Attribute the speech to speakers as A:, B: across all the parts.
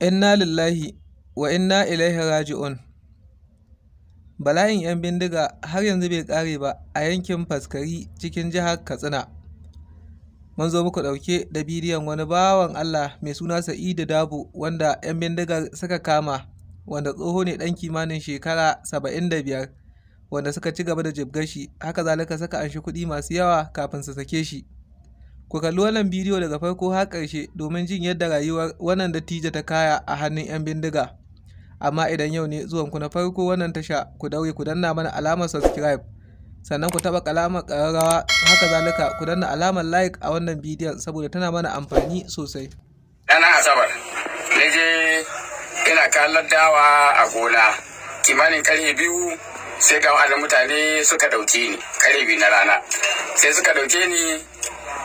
A: Inna lillahi wa inna ilaihi raji'un. Bala'in 'yan bindiga har yanzu bai ƙare ba a yankin Faskari cikin jihar Katsina. Mun zo muku ɗauke da bidiyon wani bawan Allah mai suna Sa'idu Dabu wanda 'yan bindigar suka kama wanda tsoho ne ɗan kimanin shekara 75 wanda suka ci gaba da jibgashi shi haka zalika suka shi kuɗi masu yawa kafin su sake shi. Ku kalli wannan bidiyo daga farko har ƙarshe domin jin yadda rayuwar wannan dattijo ta kaya a hannun 'yan bindiga. Amma idan yau ne zuwanku na farko wannan tasha ku daure ku danna mana alamar subscribe sannan ku taɓa kalamar ƙararrawa haka zalika ku danna alamar like a wannan bidiyon saboda tana mana amfani sosai. Ɗana
B: Asabar, na je ina kallon dawa a gona kimanin ƙarfe biyu sai ga wa'adin mutane suka ɗauke ni ƙarfe na rana sai suka ɗauke ni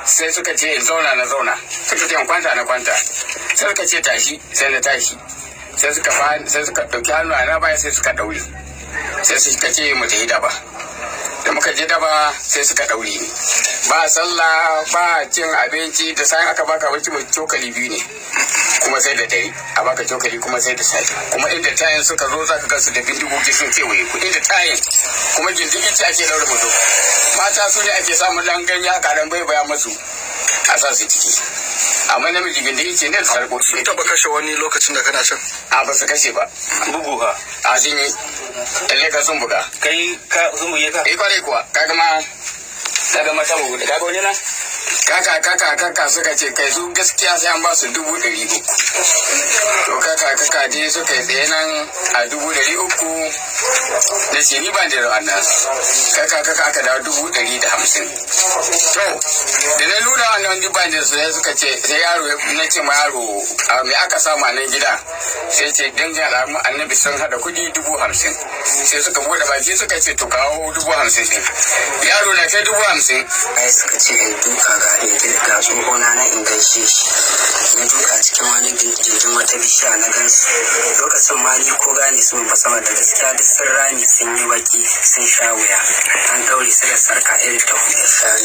B: sai suka ce zauna na zauna suka ce kwanta na kwanta sai suka ce tashi sai na tashi sai suka ɗauki hannu dauki hannu na baya sai suka daure sai suka ce mu ta da ba da muka je daba sai suka ɗaure ni ba sallah ba cin abinci da sai aka baka abinci mai cokali biyu ne kuma sai da dare a baka cokali kuma sai da safe kuma inda tayin suka zo zaka ga su da bindigogi sun kewaye ku inda tayin kuma gindigin ce ake ɗaure mutum mata su ne ake samun dan ganye karan bai baya masu a sa su ciki amma namiji gindi ce ne da sarkoci sun taɓa kashe wani lokacin da kana can a ba su kashe ba bugu ha a jin yi lalle ka sun buga kai ka sun buge ka eh kware kuwa ka gama ka gama ta bugu ka ga wani na kaka kaka kaka suka ce kai su gaskiya sai an ba su dubu ɗari uku to kaka kaka dai suka yi tsaye nan a dubu ɗari uku da ce ni ban da wannan kaka kaka aka dawo dubu ɗari da hamsin to da na nuna nan dibandin su ne suka ce sai yaro na ce ma yaro me aka samu a nan gida sai ce dangin alamu annabi sun hada kudi dubu hamsin sai suka bude baki suka ce to kawo dubu hamsin din yaro na kai dubu hamsin ai suka ce in eh, duka ga ga tsohona na in gaishe shi na duka cikin wani jirgin wata bishiya na gansu lokacin ma ni ko gane su ba sama da gaskiya duk sun rami sun yi baki sun sha wuya an daure su da sarka irin ta hudu sai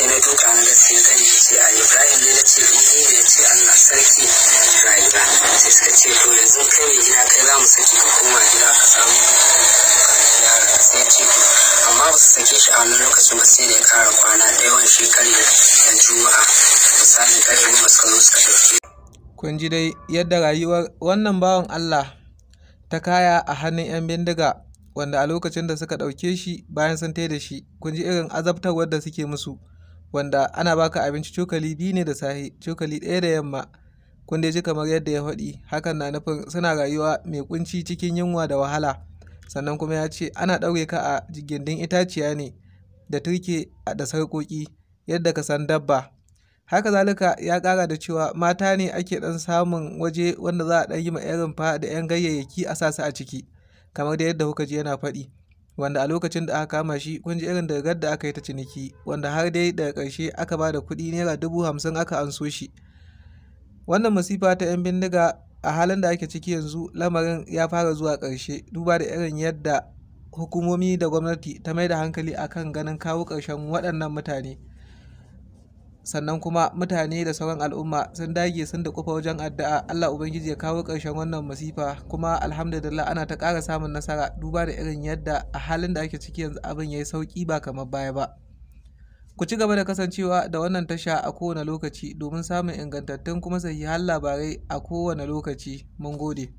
B: sai na duka na gaske sai gani ya ce a ibrahim ne na ce eh, ni ne ya ce allah sarki rayuwa sai suka ce to yanzu kai mai gida kai za mu saki ka koma gida ka samu sai ce to amma ba su sake shi a wani lokacin ba sai da ya kara kwana da yawan shekaru da juma'a misali karfe goma suka zo suka ɗauki.
A: kun ji dai yadda rayuwar wannan bawan allah ta kaya a hannun 'yan bindiga wanda a lokacin da suka ɗauke shi bayan sun da shi kun ji irin azabtarwar da suke musu wanda ana baka abinci cokali biyu ne da safe cokali ɗaya da yamma kun dai ji kamar yadda ya faɗi hakan na nufin suna rayuwa mai kunci cikin yunwa da wahala sannan kuma ya ce ana ɗaure ka a gindin itaciya ne da turke da sarƙoƙi yadda ka san dabba haka zalika ya ƙara da cewa mata ne ake ɗan samun waje wanda za a ɗan yi ma irin fa da 'yan gayyayyaki a sa su a ciki kamar da yadda kuka ji yana faɗi wanda a lokacin da aka kama shi kun ji irin dargar da aka yi ta ciniki wanda har dai daga karshe aka ba da kuɗi naira dubu hamsin aka anso shi wannan masifa ta 'yan bindiga a halin da ake ciki yanzu lamarin ya fara zuwa ƙarshe duba da irin yadda hukumomi da gwamnati ta mai da hankali akan ganin kawo ƙarshen waɗannan mutane sannan kuma mutane da sauran al'umma sun dage sun da kufa wajen addu'a Allah ubangiji ya kawo ƙarshen wannan masifa kuma alhamdulillah ana ta ƙara samun nasara duba da irin yadda a halin da ake ciki yanzu abin yayi sauki ba kamar baya ba ku ci gaba da kasancewa da wannan tasha a kowane lokaci domin samun ingantattun kuma sahihan labarai a kowane lokaci mun gode